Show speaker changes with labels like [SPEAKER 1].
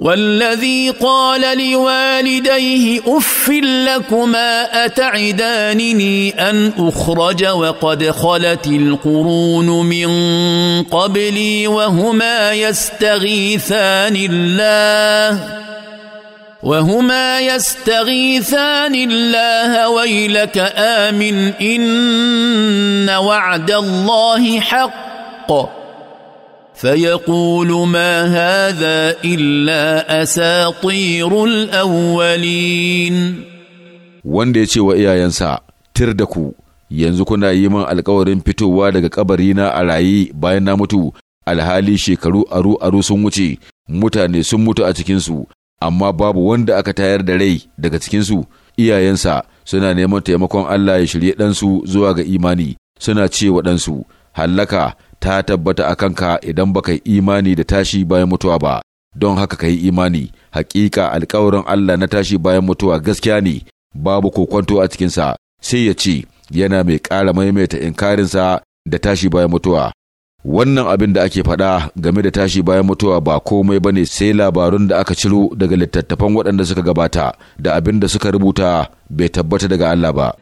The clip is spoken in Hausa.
[SPEAKER 1] والذي قال لوالديه اف لكما اتعدانني ان اخرج وقد خلت القرون من قبلي وهما يستغيثان الله وهما يستغيثان الله ويلك امن ان وعد الله حق فيقول ما هذا الا اساطير الاولين wanda ya ce
[SPEAKER 2] wa iyayensa tir da ku yanzu kuna yi min alkawarin fitowa daga kabarina a raye bayan na mutu alhali shekaru aru aru sun wuce mutane sun mutu a cikinsu amma babu wanda aka tayar da rai daga cikinsu iyayensa suna neman taimakon Allah ya shirye ɗansu zuwa ga imani suna ce wa ɗansu hallaka ta tabbata a kanka idan ba ka yi imani da tashi bayan mutuwa ba don haka ka yi imani hakika alkawarin Allah na tashi bayan mutuwa gaskiya ne babu kokwanto a cikinsa sai ya ce yana mai ƙara maimaita inkarinsa da tashi bayan mutuwa wannan abin da ake faɗa game da tashi bayan mutuwa ba komai ba ne sai labarun da aka ciro daga littattafan waɗanda suka gabata da abin da suka rubuta bai tabbata daga Allah ba